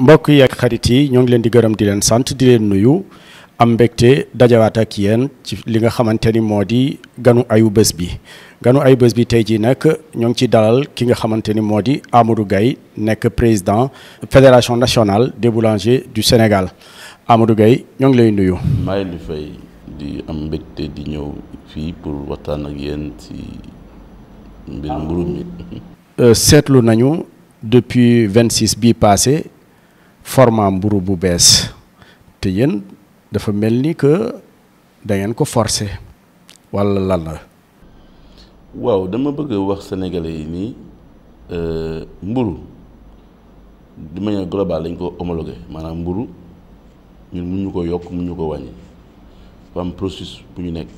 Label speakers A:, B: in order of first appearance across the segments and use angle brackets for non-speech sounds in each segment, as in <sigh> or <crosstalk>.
A: mbokk yi ak xarit yi ñoo ngi leen di gërëm di leen sant di leen nuyu am mbégte dajawaat ak yéen ci li nga xamante ni moo di ganu ayu bés bi ganu ayu bés bi tey jii nag ñoo ngi ci dalal ki nga xamante ni moo di Amadou Gaye nekk président fédération nationale des boulangers du Sénégal Amadou Gaye ñoo ngi lay nuyu.
B: maa ngi fay di am mbégte di ñëw fii pour waxtaan ak yéen ci mbir mburu mi.
A: Euh, seetlu nañu depuis 26 bi passé format mburu bu bes te yeen dafa melni ke da ngeen ko forcer wala lan la.
B: waaw dama bëgg wax sénégalais yi euh mburu di manière globale lañ ko homologuer manam mburu ñun mun ñu ko yok mun ñu ko wañi fam processus bu ñu nekk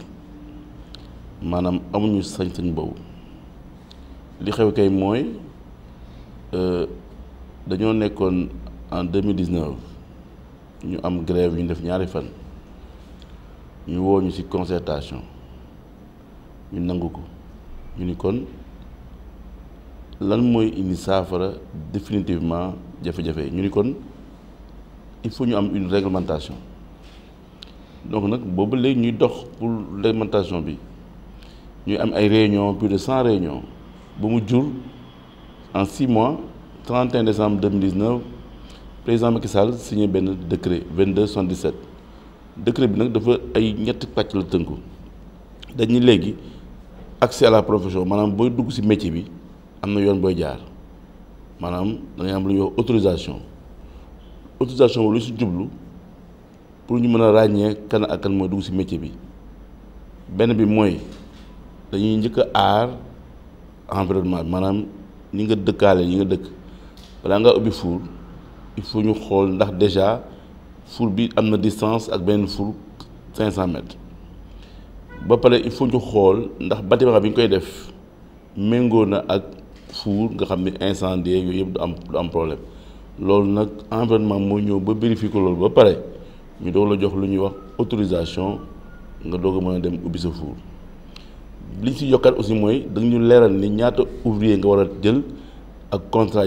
B: maanaam amuñu sañ-sañ li xew kay euh dañoo nekkoon en 2019 avons une grève une avons une ñaari fan ñu une concertation ñu avons Nous ñu ni définitivement avons une ñu il faut ñu une réglementation donc nous avons une ñuy dox réglementation Nous avons am réunion plus de 100 réunions bu mu en 6 mois 31 décembre 2019 président Macky Sall signé benn décret 22 77 décret bi nag dafa ay ñetti pàcc la tënku dañu léegi accès à la profession maanaam booy dugg ci métier bi am na yoon booy jaar maanaam dañuy am lu ñuy wax autorisation autorisation lu si jublu pour ñu mën a ràññee kan ak kan mooy dugg ci métier bi benn bi mooy dañuy njëkk a aar environnement bi maanaam ñi nga dëkkaale ñi nga dëkk balaa nga ubbi fuur il faut nous nous déjà pour distance à ben 500 mètres ba il faut ñu xool ndax bâtiment bi koy def méngoo na ak four nga xam incendie yooyu yëpp du am problème environnement ba pare autorisation nga doog dem aussi ouvrier contrat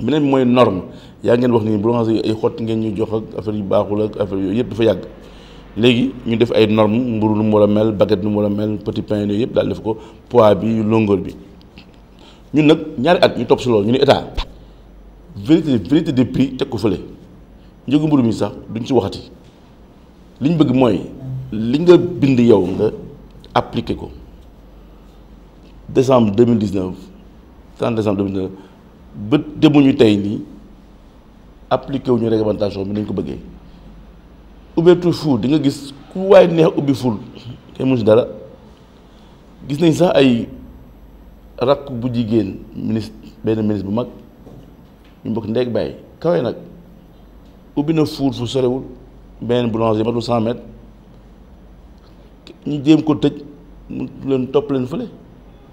B: beneen bi mooy norme yaa ngeen wax ni bu nga ay xott ngeen ñu jox ak affaire yu baaxul ak affaire yooyu yëpp dafa yàgg léegi ñu def ay norme mburu nu mu war a mel baguette nu mu war a mel petit pain yooyu yëpp daal def ko poids bi longueur bi ñun nag ñaari at ñu topp si loolu ñu ne état vérité vérité des prix teg ko fële njëgu mburu mi sax duñ ci waxati liñ bëgg mooy li nga bind yow nga appliqué ko décembre 2019 30 décembre 2019 bët demuñu tey nii appliqué wuñu réglementation bi nañ ko bëggee ubbeetu fu di nga gis ku waay neex ubbi ful kenn mënu si dara gis nañ sax ay rakk bu jigéen ministre benn ministre bu mag ñu bokk ndeeg bàyyi kawe nag ubbi na fuur fu sorewul benn boulanger matul cent mètres ñu jéem ko tëj mu leen topp leen fële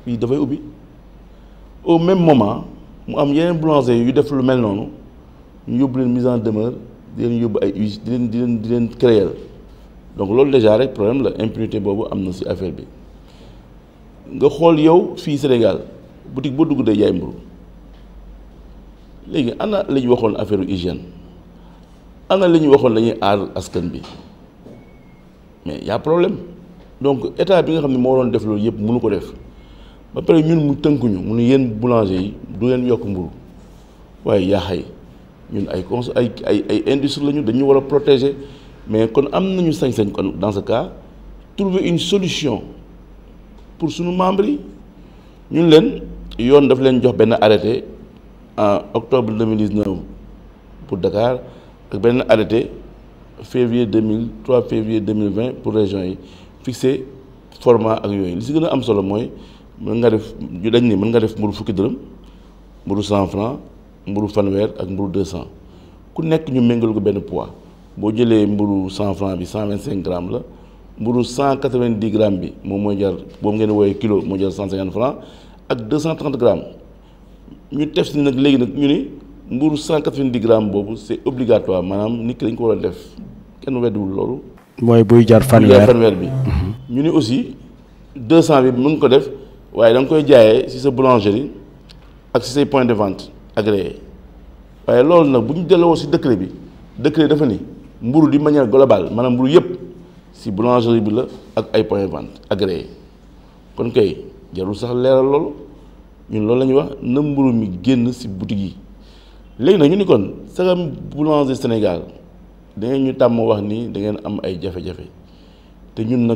B: fii dafay ubbi au même moment mu am yeneen boulanger yu def lu mel noonu ñu yóbbu leen mise en demeure di leen yóbbu ay huissiers di leen di leen di leen créer donc loolu déjà rek problème la impunité boobu am na ci affaire bi nga xool yow fii Sénégal boutique boo dugg day jaay mburu léegi ana la ñu waxoon affaire hygiène ana la ñu waxoon lañuy aar askan bi mais y a problème donc état bi nga xam ne moo doon def loolu yëpp mënu ko def ba pare ñun mu tënkuñu mu ne yéen boulanger yi du leen yokk ñun ay ay ay ay industrie lañu dañu protéger mais kon am nañu sañ dans ce cas trouver une solution pour suñu membres ñun arrêté en octobre 2019 pour Dakar ak benn arrêté février 2003 février 2020 pour région yi fixé format ak mën nga def ñu dañ ni mën nga def mburu fukki dërëm mburu 100 francs, mburu fanwer ak mburu deux ku poids boo mburu 100 francs, bi 125 grammes la mburu cent grammes bi moom jar kilo 150 jar cent cinquante grammes ñu tef si nag léegi nag ñu ni grammes c'est obligatoire madame, nit ki ko war a def kenn weddiwul loolu. mooy buy jar mhm. ñu ni aussi Ouais donc nga a si sa boulangerie ak point de vente agréé waaye loolu on a ñu décret bi de dafa ni mburu di manière globale maanaam si boulangerie bi la ak point de vente agréé kon kay sax la wax mi génn si boutique yi léegi nag ñu ni nous de Sénégal da nous ñu am ay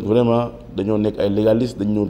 B: vraiment dañoo nekk ay des dañu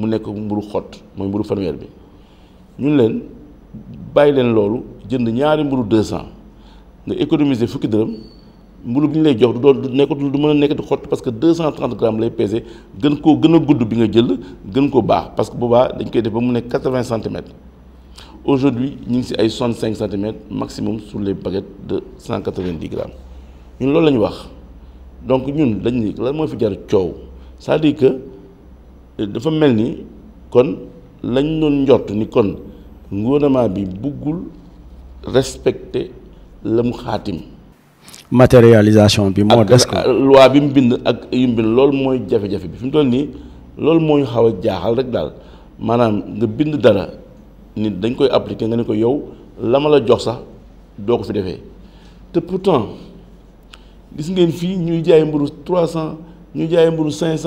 B: mu nekk mburu xott mooy mburu fanweer bi ñun leen bàyyi leen loolu jënd ñaari mburu 200 cent nga économiser fukki dërëm mburu bi ñu lay jox du doon du nekkatul du mën a nekk di xott parce que 230 cent grammes lay pesé gën koo gën a gudd bi nga jël gën ko baax parce que boobaa dañ koy def ba mu nekk 80 vingt centimètres aujourd'hui ñu ngi si ay soixante cinq centimètres maximum sur les baguettes de 190 quatre grammes ñun loolu la ñu wax donc ñun dañ ni lan moo fi jar coow c'est-à-dire que dafa ni kon lañ doon respecter la mu
A: matérialisation bi loi
B: bi mu ak yu bind loolu mooy bi fi toll appliquer la la jox pourtant gis ngeen ñuy jaay trois ñuy jaay cinq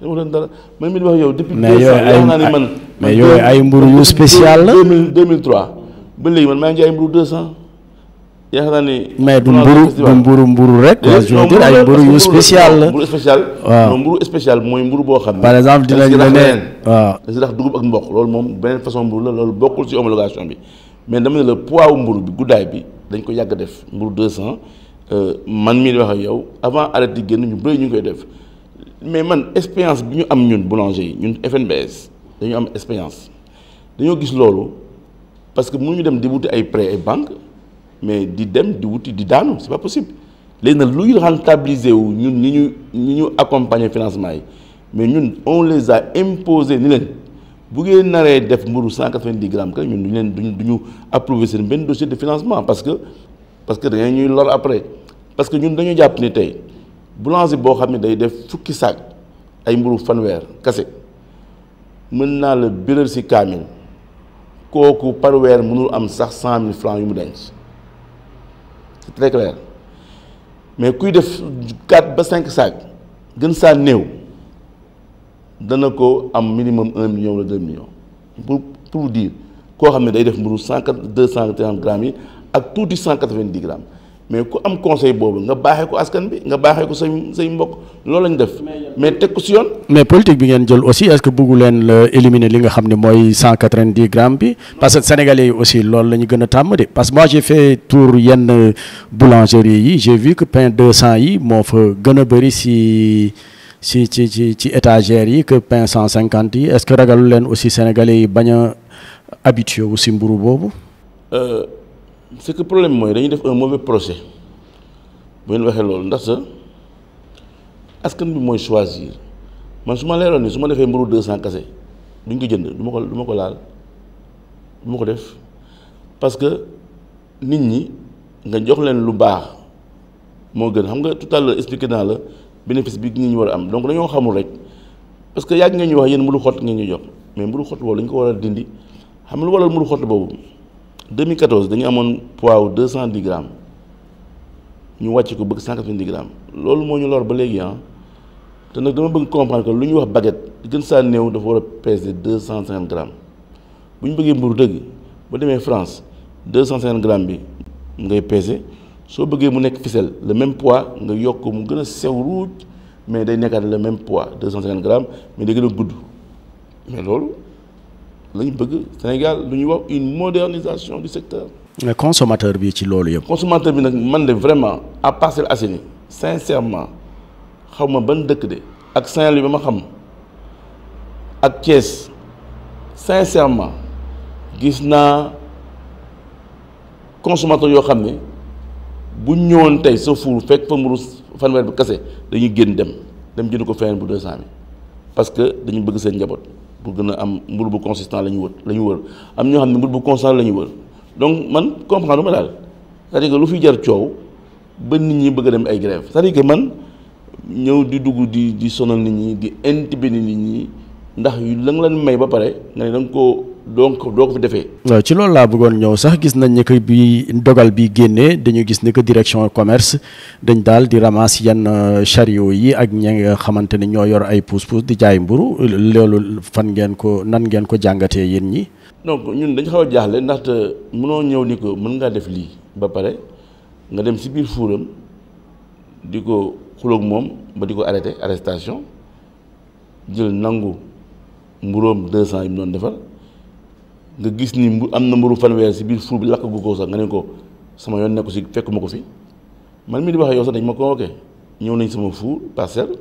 B: dama doon dara man mi di wax yow. depuis deux ans man. mais yooyu ay mburu spécial la. deux mille ba léegi man maa ngi ci ay mburu deux naa ni. mais du mburu du mburu mburu rek. je spécial la. mburu spécial. waaw mburu mooy mburu boo xam par exemple dinañ la ne da si rax ak mboq loolu moom beneen façon mburu la loolu bokkul ci homologation bi mais dama ne la poids wu mburu guddaay bi dañ ko yàgg def mburu deux cent euh, man mii di wax ak yow avant arrêt di génn ñu bëri ñu ngi koy def. mais man expérience bi ñu am ñun boulanger ñun FNBS dañu am expérience dañu gis lolu parce que ñu dem di wuti ay prêt ay banque mais di dem di wuti di daanu c'est pas possible les nag luy rentabiliser wu ñun ñi ñu ñi ñu accompagner financement yi mais ñun on les a imposé ni leen bu ngeen naré def mburu cent grammes que ñun duñ leen duñ du ñu approuvé dossier de financement parce que parce que da ñuy lor après parce que ñun dañu japp ni tay bulanzi bo xamni day def fukki sac ay mburu fanwer kasse mën le bireul ci kamil koku par wer mënul am sax 100000 francs yu denc c'est très clair mais kuy def 4 ba 5 sacs, gën sa new dana am minimum 1 million ou 2 millions pour pour dire ko xamni day def mburu 100 230 grammes yi ak touti 190 grammes mais ku am conseil bobu nga baxé ko askan bi nga baxé ko say say mbokk lañ def mais tek ko si yoon.
A: mais politique bi ngeen jël aussi est-ce que bëggu leen euh, éliminer li nga xamné moy 190 grammes bi parce que sénégalais aussi lolou lañu gëna tam de parce que moi j'ai fait tour yenn euh, boulangerie yi j'ai vu que pain 200 yi mo fa gëna a si. si ci ci ci étagère yi que pain 150 yi est-ce que ragalu len aussi sénégalais yi habitués habitué wu mburu
B: euh c'est que problème moy dañuy def un mauvais procès bu ngeen waxee loolu ndax sa askan bi moy choisir man suma ma suma ni mburu 200 cassé duñ ko jënd du ko du ko laal du ko def parce que nit ñi nga jox leen lu baax mo gën xam nga tout à l'heure expliqué naa la bénéfice bi nit ñi war a am donc dañoo xamul rek parce que yàgg nga ñu wax yeen mburu xot nga ñu jox mais mburu xot boobu dañ ko wara dindi xam lu waral mburu xot boobu 2014 dañu un poids de 210 grammes nous wàcc ko bëgg 190 grammes loolu ce ñu lor ba léegi ah te comprendre que lu ñuy wax baguette gën saa néew dafa peser 250 grammes Si vous bëggee une dëgg ba France 250 grammes bi ngay peser soo bëggee mu nekk ficelle le même poids nga yokk mu gën a sew mais day avez le même poids 250 grammes mais day gën a mais lañ bëgg Sénégal lu ñuy wax une modernisation du secteur.
A: Le consommateur bi ci loolu yëpp.
B: consommateur bi nag man de vraiment à Parcelles Assainies sincèrement xaw ma ban dëkk de ak Saint-Louis ba ma xam ak Thiès sincèrement gis n'a consommateur yoo xam ne bu ñëwoon tey sa fuur fekk fa mburu fanweer bi kase dañuy génn dem dem jënd ko feneen bu deux parce que dañu bëgg seen njaboot. pour gën a am mburu bu consistant la ñu wër la ñu wër am ñoo xam ne mburu bu constant la ñu wër donc man comprendre ma daal c'est-à-dire que lu fi jar coow ba nit ñi bëgg a dem ay grève cest que man ñëw di dugg di di sonal nit ñi di intimider nit ñi ndax yu la nga leen may ba pare nga ne da nga koo donc doo ko fi defee.
A: waaw euh, ci loolu laa bëggoon ñëw sax gis nañ ne que bi dogal bi génnee dañu gis ne que direction commerce dañ daal di ramas yenn euh, chariot yi ak ña nga xamante ne ñoo yor ay pousse-pousse di jaay mburu loolu fan ngeen ko nan ngeen ko jàngatee yéen ñi.
B: donc ñun dañu xaw a jaaxle ndaxte mënoo ñëw ni ko mën ngaa def lii ba pare nga dem si biir fuuram di ko xuloog moom ba di ko arrêté arrestation jël nangu mburóom 200 yi mu doon defar. nga gis ni mu am na mburu fanweer si biir four bi lakk gu ko sax nga ne ko sama yoon nekku si fekk ma ko fi man mii di wax yow dañ ma convoqué ñëw nañ sama four parcelle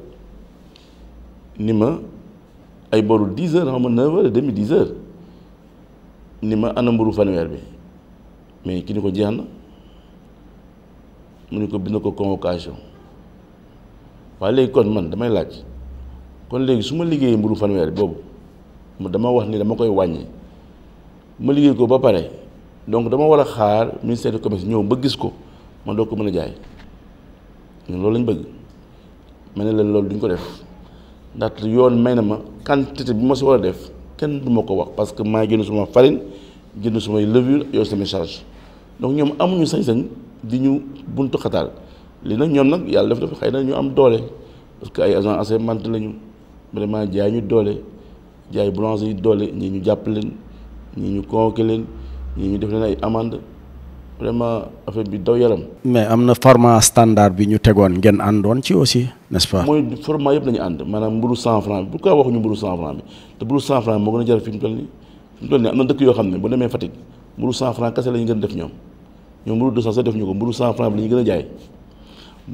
B: ni ma ay boru dix ma neuf heures ni ma ana mburu fanweer bi mais ki ni ko jeex na mu ni ko bind ko convocation waaye léegi kon man damay laaj kon léegi su ma liggéeyee mburu fanweer boobu dama wax ni dama koy wàññi ma liggéey ko ba pare donc dama war a xaar ministère du commerce ñëw ba gis ko ma doo ko mën a jaay loolu lañ bëgg ma ne leen loolu duñ ko def ndaxte yoon may na ma quantité bi ma si war a def kenn du ma ko wax parce que maa jënd suma farine jënd sumay levure yow sama charge donc ñoom amuñu sañ-sañ di ñu buntu xataal li nag ñoom nag yàlla xëy na ñu am doole parce que ay agent assermenté lañu vraiment jaay ñu doole jaay boulanger yi doole ñi ñu jàpp leen ñii ñu convoqué leen ñii ñu def leen ay amende vraiment affaire bi daw yaram.
A: mais am na format standard bi ñu tegoon ngeen àndoon ci aussi nest pas.
B: mooy format yëpp lañu ànd maanaam mburu cent franc bi pourquoi waxuñu mburu cent franc bi te mburu cent franc moo gën a jar fi mu toll nii fi mu toll nii am na dëkk yoo xam ne bu demee Fatick mburu cent franc kese la gën a def ñoom ñoom mburu deux cent sax def ñu ko mburu cent franc bi la gën a jaay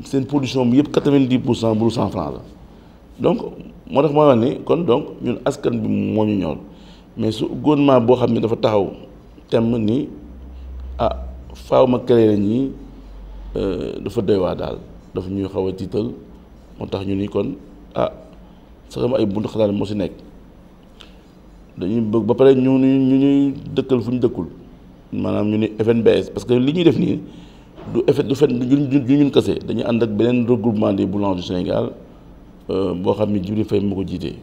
B: seen production bi yëpp quatre-vingt-dix pour cent donc moo tax ma wax ni kon donc ñun askan bi moo ñu ñor. mais su gouvernement boo xam ne dafa taxaw tem ni ah faaw ma créer ñi euh, dafa doy waa daal dafa ñuy xaw a tiital moo tax ñu ni kon ah sama ay buntu xalaat moo si nekk dañuy bëgg ba pare ñu ñu ñuy dëkkal fu ñu dëkkul maanaam ñu ni FNBS parce que li ñuy def nii du effet du fait du ñu ñun kese dañuy ànd ak beneen regroupement des boulangers du Sénégal euh, boo xam ne Djibril Faye moo ko jiitee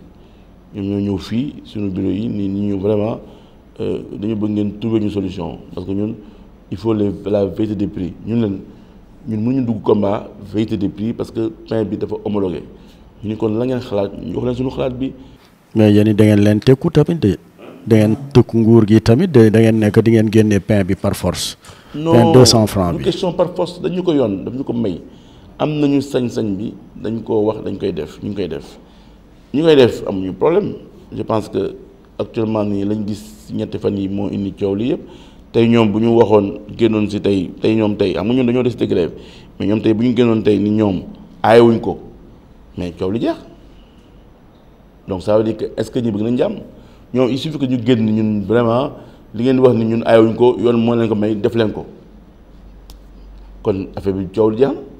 B: Nous sommes vraiment euh, dañu trouver solution parce que il faut les la vérité des prix ñun nous ñun combat vérité des prix parce que pain bi homologué nous. ni kon la ngeen xalaat
A: mais da ngeen de da ngeen nguur gi tamit de da ngeen pain par force. non 200 francs
B: question par force nous ko yoon ko ñu koy def amuñu problème je pense que actuellement nii lañ gis ñetti fan yi moo indi coow li yëpp tey ñoom bu ñu waxoon génnoon si tey tey ñoom tey xam nga ñun dañoo décidé grève mais ñoom tey bu ñu génnoon tey ni ñoom ayewuñ ko mais coow li jeex donc sa veut dire que est-ce que ñu bëgg nañ jàmm ñoom il suffit que ñu génn ñun vraiment li ngeen wax ni ñun ayewuñ ko yoon moo leen ko may def leen ko kon affaire bi coow li jeex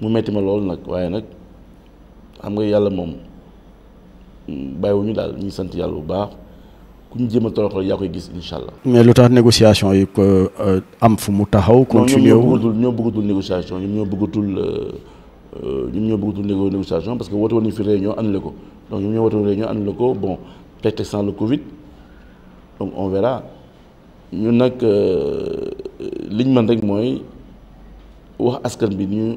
B: mu metti ma loolu nag waaye nag xam nga yàlla moom mm, bàyyiwuñu daal ñu sant yàlla bu baax ku ñu jéem a toroxal yaa koy gis incha allah.
A: mais lu tax négociation yi ko euh, am fu mu taxaw. continué wu
B: ñoom ñoo bëggatul négociation ñoom ñoo bëggatul euh, euh, ñoom ñoo bëggatul négociation parce que woote woon fi réunion annulé ko donc ñoom ñoo woote réunion annulé ko bon prétexte sans le Covid donc on verra ñun nag liñ man rek mooy wax askan bi ñu.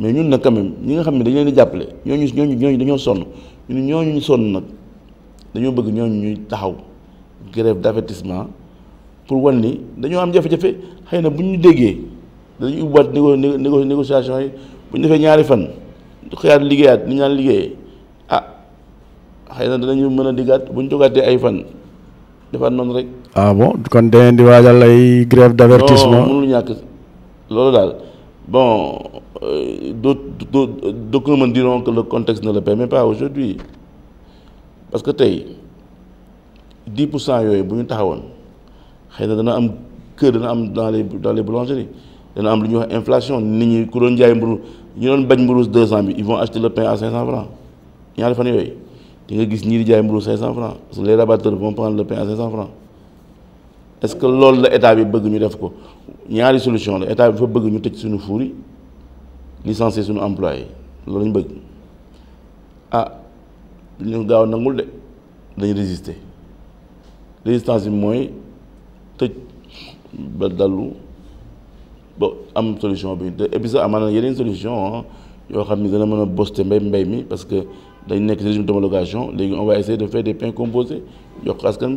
B: mais ñun nag quand ñi nga xam ne dañ leen di jàppale ñooñu ñooñu ñooñu dañoo sonn ñun ñooñu ñu sonn nag dañoo bëgg ñooñu ñuy taxaw grève d'avertissement pour wan ni dañoo am jafe-jafe xëy na bu ñu déggee dañuy ubbiwaat négo négociation yi bu ñu defee ñaari fan xëyaat liggéeyaat ni ñaan liggéeyee ah xëy na danañu mën a diggaat bu ñu jogaatee ay fan defaat noonu rek.
A: ah bon kon da di waajal ay grève d'avertissement non
B: mënul ñàkk loolu daal. Bon, euh, me diront que le contexte ne le permet pas aujourd'hui. Parce que tu 10% de bu ñu taxawoon xëy na dana dans les dans les boulangeries ils am lu ñuy wax inflation ku doon jaay mburu ñu doon bañ mburu 200 ils vont acheter le pain à 500 francs ñaari fan yooyu di nga gis ñii jaay mburu 500 francs les rabatteurs vont prendre le pain à 500 francs est-ce que l'État la état bi bëgg ñu il solution a état bi fa bëgg ñu tëj suñu licencier suñu employé loolu ñu bëgg ah ñu gaaw nangul résister résistance bi mooy ba dallu ba am solution bi et puis sax il solution ah, yoo xam a boste mbay mi parce que dañ nekk régime d'homologation on va essayer de faire des pains composés yokk askan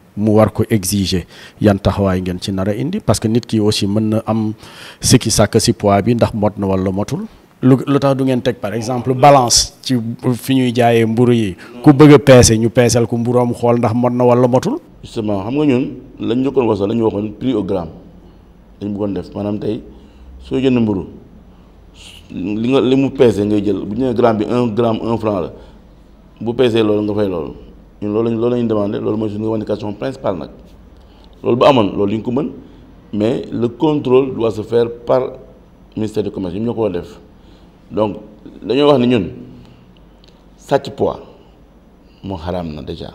A: mu war ko exiger yan taxawaay ngeen ci nar a indi parce que nit ki aussi mën na am sikki sàkk si pois bi ndax mot na wala motul lu lu tax du ngeen teg par exemple balance ci fi ñuy jaayee mburu yi ku bëgg a peese ñu peesal ko mburoom xool ndax mot na walla motul
B: justement xam nga ñun lañ njëkkoon wax sax la ñu waxoon prix au gramme dañ buggoon def maanaam tey soo jënd mburu li nga li mu peese ngay jël bu ñu nee gramme bi un gramme un franc la bu peesee loolu nga fay loolu ñun loolu lañ loolu lañu demandé loolu mooy suñu revendication principale nag loolu bu amoon loolu ñu ko mën mais le contrôle doit se faire par ministère du commerce yi ñoo ko def donc dañoo wax ni ñun sàcc poids moo xaraam na déjà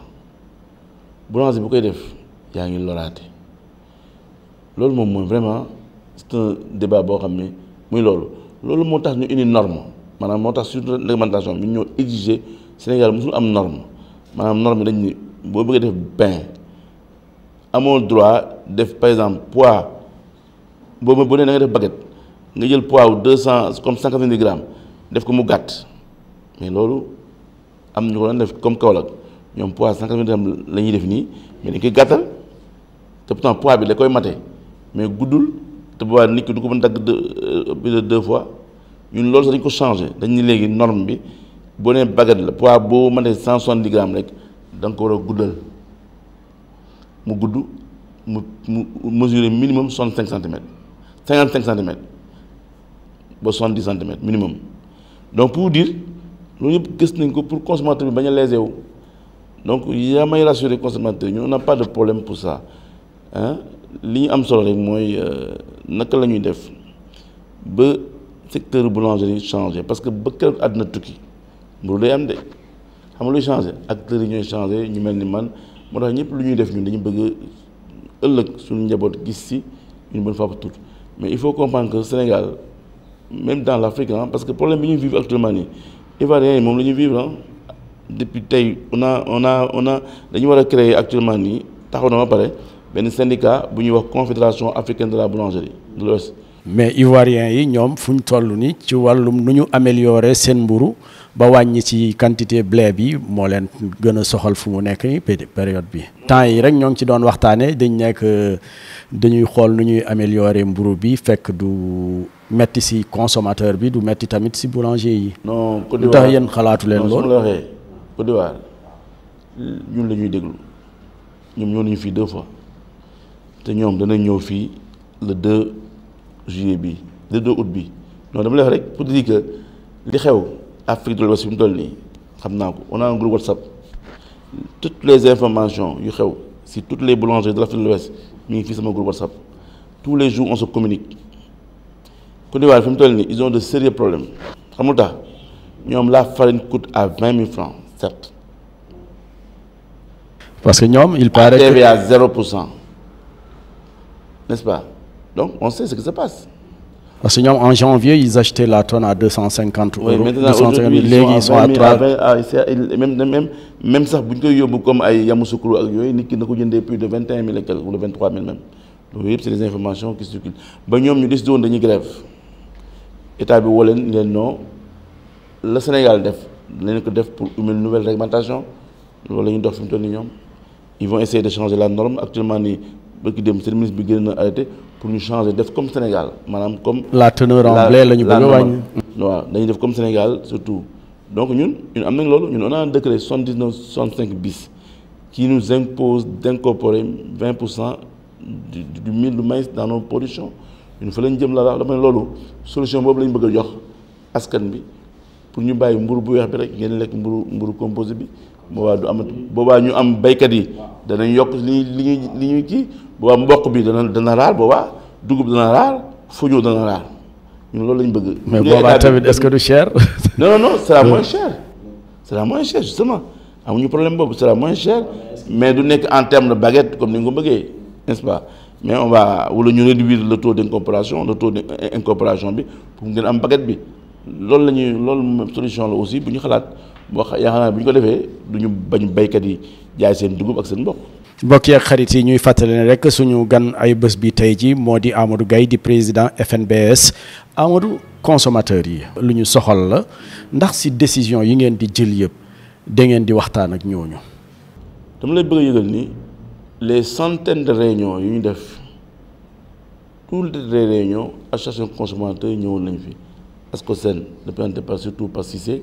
B: boulanger bu koy def yaa ngi loraate loolu moom mooy vraiment c'est un débat boo xam ne muy loolu loolu moo tax ñu indi norme maanaam moo tax surtout réglementation bi ñu ñoo exiger Sénégal mosul am norme manam norme dañ ni bo bëgg def bain amoo droit def par exemple poids bo bu nee nga def baguette nga jël poids wu 200 comme 180 grammes def ko mu gàtt mais lolu am ñu ko def comme kaolak ñom poids 180 quatre grammes la def ni mais dañ koy gàttal te pourtant poids bi da koy maté mais guddul te boobaa nit ki du ko mën dagg deux euh, deux fois ñun lolu dañ ko changer dañ ni légui norme bi. Si vous avez un poids de 170 grammes vous da nga ko war a mesurer minimum 65 cm 55 cm 70 cm minimum donc pour dire nous yëpp gis nañ ko pour consommateur bi bañ a donc ya rassurer consommateur nous n'a pas de problème pour ça hein li ñu am solo rek mooy euh, naka la def ba secteur boulangerie changé parce que ba a adduna tukki mburu day am de xam nga luy changé acteurs yi ñooy changé ñu mel ni man moo tax ñëpp lu ñuy def ñun dañu bëgg ëllëg suñu njaboot gis si une bonne fois tout. mais il faut comprendre que Sénégal même dans l'Afrique hein, parce que problème bi ñuy vivre actuellement nii Ivoiriens yi moom la ñuy vivre ah depuis tey on a on a on a dañu war a créer actuellement nii taxaw na ma pare Ben syndicat bu ñuy wax confédération africaine de la boulangerie de mais ivoiriens yi ñom fuñ ñu ni ci walum nuñu améliorer sen mburu ba
A: wàññi ci quantité blé bi mo leen gëna soxal fu mu nekk ni période bi temps yi rek ñong ci doon waxtane dañ nekk euh, dañuy xol nuñuy améliorer mburu bi fekk du metti ci consommateur bi du metti tamit ci boulanger yi non lu tax yeen xalaatu leen loolu waxee
B: Côte d'Ivoire ñun lañuy ñuy déglu ñoom ñoo nañu fi deux fois te ñoom danañ ñëw fi le 2 juillet bi de 2 août bi non dama lay rek pour dire que li xew Afrique de l'Ouest bi on a un groupe WhatsApp toutes les informations yu xew si toutes les boulangeries de l'Afrique de l'Ouest mi fi un sama groupe WhatsApp tous les jours on se communique ils ont de sérieux problèmes xam ça, ñom la farine coûte à 20 000 francs certes.
A: parce que ñom il paraît. TVA
B: 0%. n'est-ce pas. Donc, on sait ce qui se passe.
A: Parce que en janvier, ils achetaient la tonne à 250 euros. Oui, maintenant, aujourd'hui, Ils, sont à 3.
B: Ah, même, même, même ça, comme à Yamoussoukro, ils ont plus de 21 000 de 21000 ou 23 000 même. Oui, c'est des informations qui circulent. Ben, nous avons décidé de grève. L'État a dit que non. Le Sénégal def, def pour une nouvelle réglementation. Ils vont essayer de changer la norme. Actuellement, bëgg dem seen ministre bi génn arrêté pour nous changer def comme Sénégal Madame comme. la teneur en blé la ñu bëgg a waaw def comme Sénégal surtout donc ñun ñun am nañ nous ñun on a un décret soixante bis qui nous impose d'incorporer 20% du du mil du maïs dans nos productions ñun fa lañ jëm la la dama ne loolu solution boobu la ñu bëgg jox askan bi pour ñu bàyyi mburu bu weex bi rek ngeen lekk mburu mburu composé bi boba du amat boobaa ñu am baykat yi danañ yokk li ñuy li ñuy kii boobaa mboq bi dana dana raar boobaa dugub dana raar foño dana rar ñun loolu lañ bëgg. mais boba tamit est-ce que du cher. <laughs> non non non sera moins cher. sera moins cher justement amuñu problème boobu sera moins cher mais du nekk en terme de baguette comme ni nga ko bëggee n'est-ce pas mais on va wala ñu réduire le taux d'incorporation le taux d'incorporation bi pour ngeen am baguette bi loolu la ñuy loolu solution la aussi bu ñu xalaat boo yaakaar naa bu ko defee du bañ béykat jaay seen dugub ak seen mboq.
A: mbokk yi ak xarit yi ñuy fàttali ne rek suñu gan ay bés bi tey ji moo di Amadou gay di président FNBS Amadou consommateur yi. lu ñu soxal la ndax si décision yi ngeen di jël yëpp da ngeen di waxtaan ak ñooñu.
B: dama lay bëgg a yëgal ni les centaines de réunions yu ñu def toutes les réunions association consommateur ñëwoon nañ fi sen ASCOSEN représenté par surtout parce que Cissé.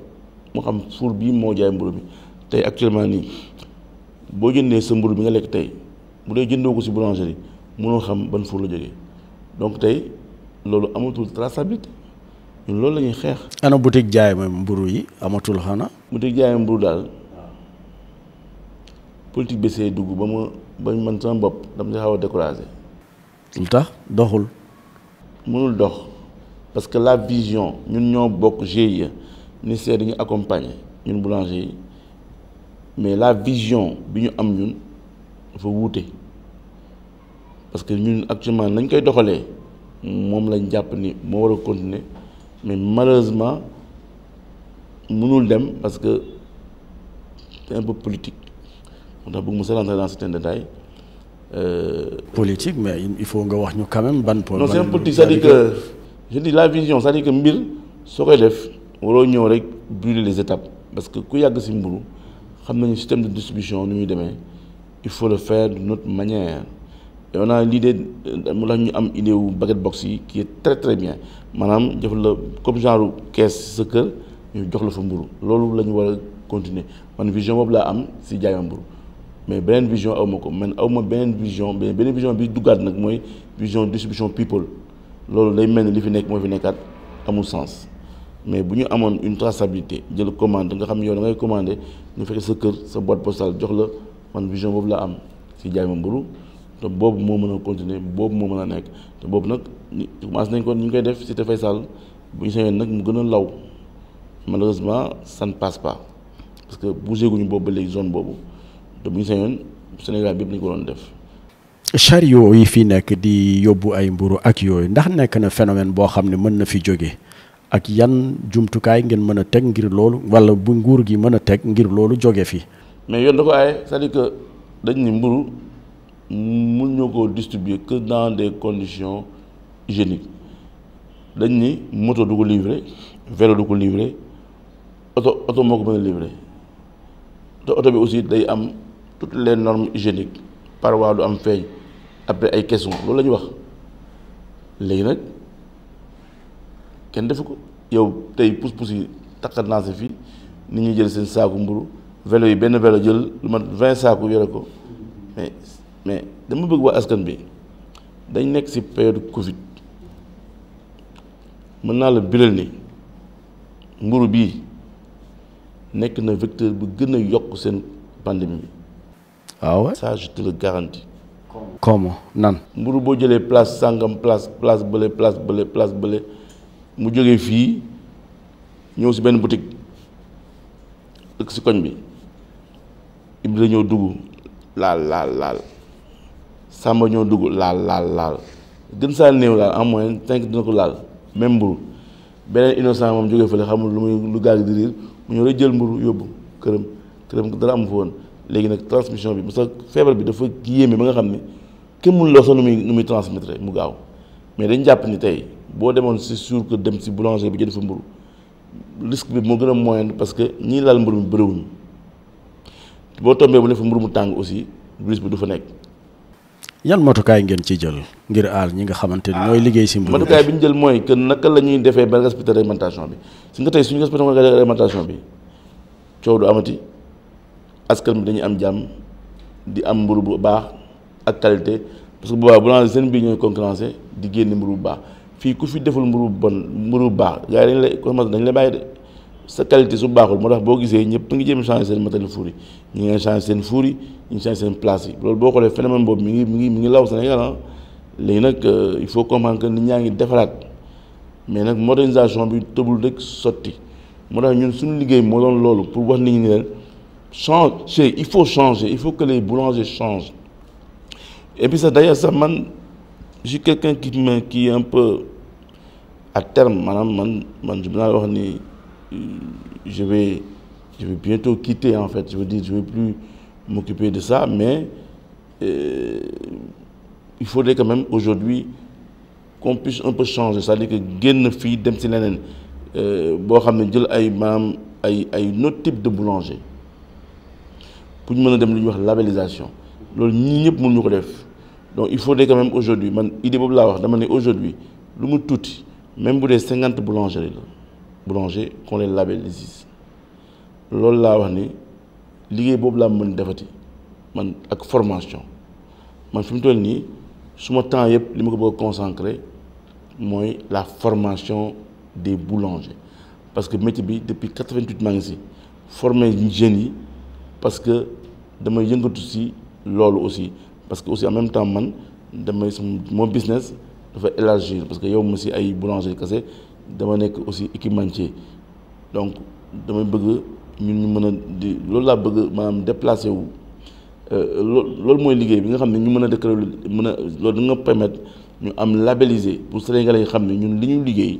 B: moo xam bi actuellement nii boo jëndee sa mburu bi nga ko boulangerie xam ban la donc loolu amatul traçabilité loolu la
A: ana boutique jaay ma mburu yi amatul
B: boutique jaay mburu politique bi dugg ba man sama bopp dama xaw a tax doxul. mënul parce que la vision ñun ñoo bokk nous essayons d'accompagner les boulanger mais la vision bi ñu am ñun parce que ñun actuellement nous koy doxalee moom lañ nous ni moo war mais malheureusement nous mënul dem parce que c'est un peu politique On pas bëgg mu rentrer dans certains détails euh,
A: politique mais il faut nga quand même ban. non c'est un politique c'est-à-dire que
B: je dis la vision c'est-à-dire que mille se relève waroo ñëw rek brûler les étapes parce que ku yàgg si mburu xam nañu système de distribution nu muy demee il faut le faire d'une autre manière et on a l'idée mu tax ñu am idée wu baguette box yi qui est très très bien maanaam jox la comme genre caisse sa kër ñu jox la fa mburu loolu la ñu war a continuer man vision boobu laa am si jaayma mburu mais beneen vision aw ma ko man aw ma beneen vision beneen vision bi duggaat nag mooy vision distribution people loolu day mel ni li fi nekk moo fi nekkaat amul sens mais bu ñu une traçabilité jël commande nga xam yow ngay commandé nga fekkee sa kër sa boîte postale jox la man vision boobu la am si jaay ma mburu te boobu moo mën a continuer boobu moo mën a nekk te boobu nag commencé nañ ko ñu ngi koy def si te bu ñu sañoon nag mu gën law malheureusement ça ne passe pas parce que bougé guñu boobu ba léegi zone boobu te bu ñu sañoon Sénégal bi yëpp nañu ko doon def.
A: chariot yi fii nekk di yobu ay mburu ak yooyu ndax nekk na phénomène boo xam ne mën na fi jóge ak yan jumtukaay ngeen mën a teg ngir loolu wala bu nguur gi mën a teg ngir loolu jóge fi
B: mais yoon da ko aaye c'est-à-dire que dañ ni mburu mun ñoo koo distribuer que dans des conditions hygiéniques dañ ni moto du ko livrer vélo du ko livrer auto auto moo ko mën a livrer te oto bi aussi day am toutes les normes hygiéniques parfois du am feeñ après ay question loolu la ñu wax léegi nag kenn defu ko yow tey pus-pus yi takkat naa si fii nit ñuy jël seen saaku mburu velo yi benn vélo jël lu mat vingt saaku yore ko mais mais dama bëgg waa askan bi dañ nekk si période Covid mën naa la biral ni mburu bii nekk na vecteur bu gën a yokk seen pandémie bi. waaw ah ça je te le garantis. comment mburu boo jëlee place sàngam place place bële place bële place bële. mu jóge fii ñëw si benn boutique dëkk si koñ bi Ibra ñëw dugg laal laal laal Samba ñëw dugg laal laal laal gën saa néew laal en moyenne cinq dina ko laal même mburu beneen innocent moom jóge jógee fële xamul lu muy lu gaal di riir mu ñëw rek jël mburu yóbbu këram këram dara am fa woon léegi nag transmission bi mu que feebar bi dafa yéeme ba nga xam ni kenn mënuloo sax nu muy nu muy transmettre mu gaaw mais dañ jàpp ni tey boo demoon c'est sûr que dem si boulanger bi jënd fa mburu risque bi moo gën a moyen parce que ñi laal mburu mi bëriwuñu boo tombee mu ne fa mburu mu tàng aussi risque bi du fa nekk.
A: yan matukaay ngeen ci jël ngir aar ñi nga xamante ni mooy liggéey si mburu matukaay bi
B: ñu jël mooy que naka la ñuy defee ba respecter réglementation bi su nga tey suñu respecté réglementation bi coow du amati askan bi dañuy am jàmm di am mburu bu baax ak qualité parce que bu boobaa boulanger seen bi ñooy concurrencé di génne mburu bu baax fii ku fi deful mburu bon mburu ba gars yi dañ lay xamante dañ lay baye de sa qualité su baxul moo tax boo gisee ñëpp ngi jëm changer sen matal fouri ñi ñu ngi changer sen fouri ñi changer sen place yi loolu boo xoolee phénomène bob mi ngi mi ngi mi ngi law Sénégal ah léegi nag euh, il faut comprendre que nit ñaa ngi defaraat mais nag modernisation bi tëbul rek sotti moo tax ñun suñu liggéey moo doon loolu pour wax nit ñi ne changer il faut changer il faut que les boulangers changent et puis ça d'ailleurs ça man je quelqu'un qui me qui est un peu à terme Madame man man euh, je vais je vais bientôt quitter en fait je veux dis, je vais plus m'occuper de ça mais euh, il faudrait quand même aujourd'hui qu'on puisse un peu changer c'est-à-dire que génn fii dem si un euh, autre type de boulanger pour ñu labellisation le donc il faudrait quand même aujourd'hui man idée boobu wax aujourd'hui nous mu même pour les 50 boulangeries, boulanger qu'on les labellise loolu laa wax ni liggéey boobu formation man me ni, la formation des boulangers parce que depuis 88 vingt formé parce que je suis aussi parce que aussi en même temps man mon business dafa élargir parce que yow mu ay boulanger kese dama nek aussi équipementier donc dama bëgg ñun ñu mën di loolu la bëgg manam déplacer wu euh, loolu mooy liggéey bi nga xam ne ñu mën a déclaré mën a loolu di nga permettre ñu am labelliser pour sénégalais yi xam ne ñun li ñu liggéey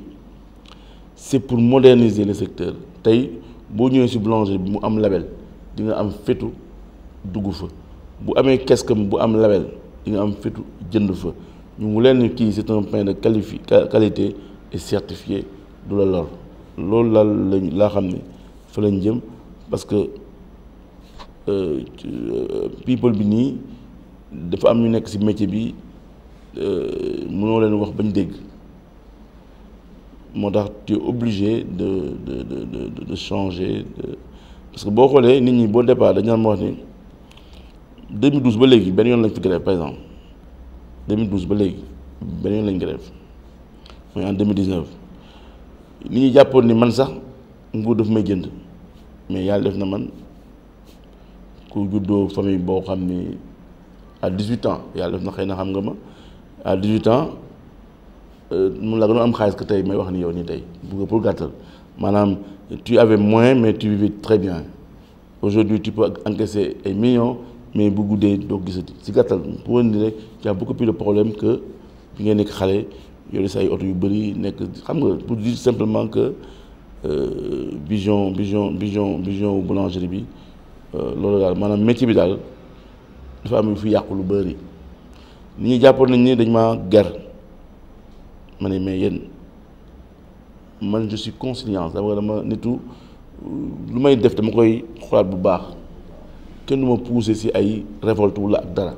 B: c'est pour moderniser le secteur tey boo ñëwee si boulanger bi mu am label di nga am fetu dugg fa bu amee keskam bu am label di nga am fetu jënd fa nous voulons que c'est un pain de qualité et certifié de la C'est parce que euh, euh, people gens qui dafa am ñu métier euh, obligé de changer parce que si vous départ en 2012 par exemple. 2012 ba léegi beneen une grève en 2019 ni ñu jàppoon ni man sax nguur daf may jënd mais yàlla def na man ku juddoo famille boo xam ni à 18 ans def na xëy xam à 18 ans Il euh, y am xaalis que qui may wax ni yow ni tey pour tu avais moins mais tu vivais très bien aujourd'hui tu peux encaisser un millions mais bu guddee doo ko gisati si gàttal pour wane ni rek y a beaucoup plus de problèmes que bi ngeen nekk xale yore sa ay oto yu bëri nekk xam nga pour dire simplement que euh, vision vision vision vision boulangerie bi euh, loolu daal maanaam métier bi daal dafa am fi yàqu lu bëri ni ñi jàppoon nañ ni dañ maa ger ma mais yéen man je suis conscient dama dama tout euh, lu may def dama koy xoolaat bu baax que nous avons poussé ces révoltes ou là dedans.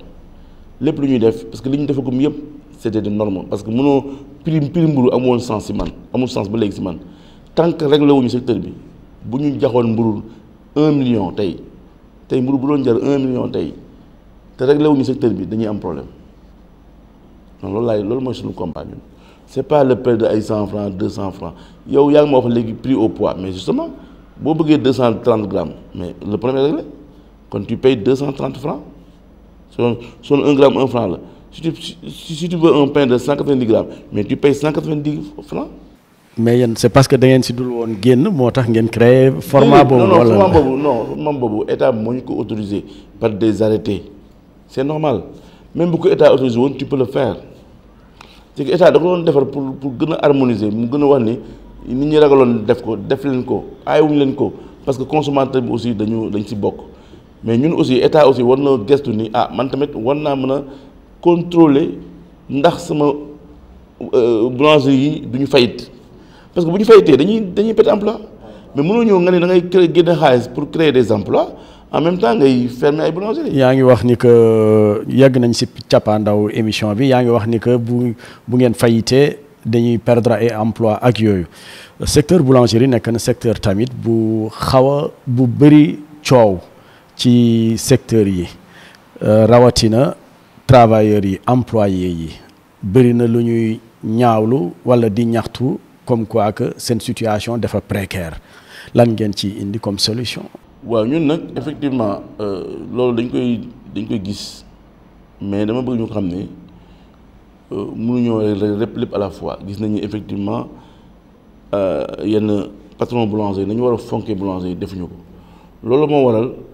B: Les plus nuls, parce que les nuls comme mieux, c'était normal..! Parce que mon prime prime sens a mon sens iman, a mon sens belge iman. Tant que règle au secteur bi, bougnou diaron boulot 1 million tay, tay boulot boulot diar 1 million tay. Tant règle au secteur bi, d'ailleurs un problème. Donc là, là moi je nous compagne. Ce n'est pas le prix de 100 francs, 200 francs. Il y a des gens qui pris au poids. Mais justement, si vous voulez 230 grammes, mais le problème est réglé. Quand tu payes 230 francs, son, son 1 gramme, 1 franc, là. Si, tu, si, tu veux un pain de 190 grammes, mais tu payes 190 francs.
A: Mais c'est parce que vous avez créé le format. Non, le
B: format n'est pas l'État qui l'a autorisé par des arrêtés. C'est normal. Même si l'État est autorisé, tu peux le faire. C'est l'État a fait pour, pour, pour harmoniser, pour dire que les gens fait, ils l'ont fait, fait. Parce que les consommateurs aussi, ils sont beaucoup mais ñun aussi état aussi war na gestu ni ah man tamit war naa mën a contrôler ndax sama euh, boulangerie yi du ñu fayit parce que bu ñu fayitee dañuy dañuy pété emploi mais mënoo ñëw nga ne da ngay créer génne xaalis pour créer des emplois en même temps ngay fermer ay boulangerie
A: yaa ngi wax ni que euh, yegg nañ si ndaw émission bi yaa ngi wax ni que bu bu ngeen fayitee dañuy perdre ay emploi ak yooyu secteur boulangerie nekk na secteur tamit bu xaw a bu bëri coow ci secteur yi euh, rawatina travailleurs yi employés yi bëri na lu ñuy ñaawlu wala di ñaxtu comme quoi que cette situation dafa précaire lan ngeen ci indi comme solution.
B: waaw ñun nag effectivement euh, loolu dañ koy dañ koy gis mais dama bëgg ñu xam ne euh, mënuñoo lépp lépp à la fois gis nañu effectivement yenn patron boulanger nañu war a fonkee boulanger defuñu ko loolu moo waral.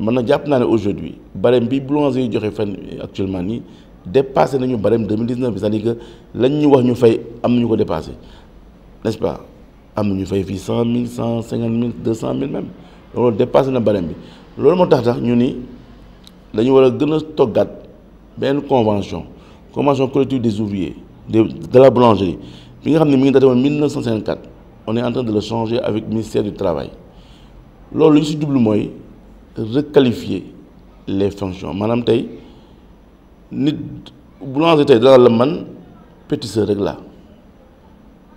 B: maintenant j'ai appris aujourd'hui barème biblons et j'aurais fait actuellement ni dépasser le barème 2019 c'est à dire que l'année où nous faisons nous dépasser n'est ce pas amener nous faisons 100 000 150 000 200 000 même on dépasse le barème le montant nous ni l'année où le gars nous ben convention convention collective des ouvriers de, de la boulangerie en 1954, on est en train de le changer avec le ministère du Travail. Lors de ce double moyen, requalifier les fonctions maanaam tey nit boulanger tey dana la man pétisseur rek laa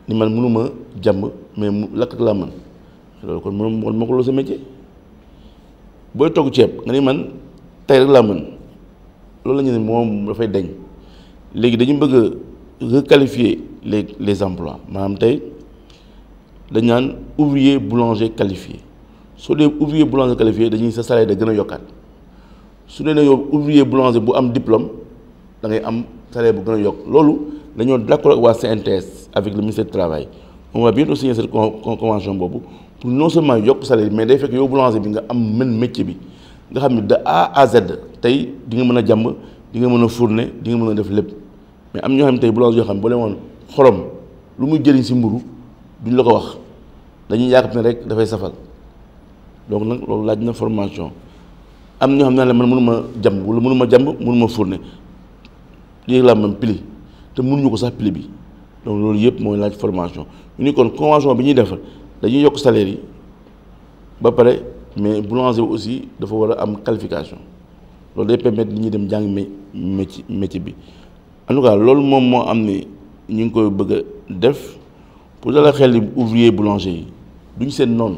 B: ni man mënuma jàmb mais mu lakk laa man loolu kon mënoo kon moo ko loo sa métier booy togg ceeb nga ni man tey rek laa mën loolu la ñu ne moom dafay dañ léegi dañu bëgg requalifier les emplois maanaam tey dañ naan ouvrier boulanger qualifié soo dee ouvrier boulanger qualifié dañuy sa salaire da gën a yokkaat su dee yow ouvrier boulanger bu am diplôme da ngay am salaire bu gën a yokk loolu dañoo d'accord ak waa CNTS avec le ministère du travail on va bientôt signer cette convention boobu pour non seulement yokk salaire mais day fekk yow boulanger bi nga am men métier bi nga xam ne de A à Z tey di nga mën a jàmb di nga mën a fourner di nga mën a def lépp mais am ñoo xam ne tey boulanger yoo xam ne boo leen woon xorom lu muy jëriñ si mburu duñ la ko wax dañuy yàkkat ne rek dafay safal donc nak lolou laaj na formation am ñu xamna la man mënu ma jàmb wala mënu ma jàmb mënu ma fourne léegi laa man pli te mënuñu ko sax pli bi donc lolou yépp moy laaj formation ñu ni kon convention bi ñuy def dañuy yok salaire yi ba paré mais boulanger aussi dafa wara am qualification lolou day permettre nit ñi dem jang métier métier bi en tout cas lolou mom mo am ni ñu ngi koy bëgg def pour dala xel ouvrier boulanger yi duñ sen noonu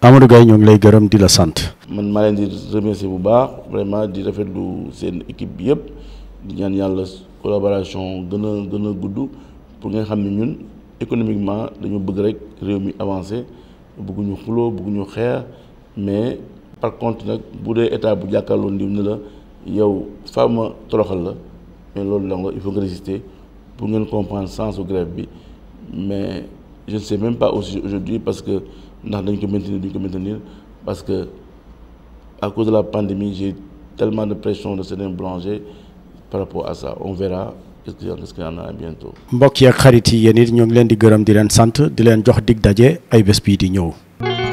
A: Amadou Gaye ñu ngi lay gërëm di la sante
B: man ma leen di remercier bu baax vraiment di rafetlu seen équipe bi yëpp di ñaan yàlla collaboration gën a gën a gudd pour nga xam ne ñun économiquement dañu bëgg rek réew mi avancé bëgguñu xuloo bëgguñu xeex mais par contre nag bu dee état bu jàkkaarloo ndiw ni la yow fama toroxal la mais loolu la nga il faut nga résister pour ngeen comprendre sens su grève bi mais je ne sais même pas aussi aujourd'hui parce que ndax dañ ko maintenir duñ ko maintenir parce que à cause de la pandémie j'ai tellement de pression de certains boulangers par rapport à ça on verra est-ce qu'il y en a bientôt.
A: Mbokia, yi ak nous yi yéen de ñoo ngi leen di gërëm di leen sant di leen jox dig ay di ñëw.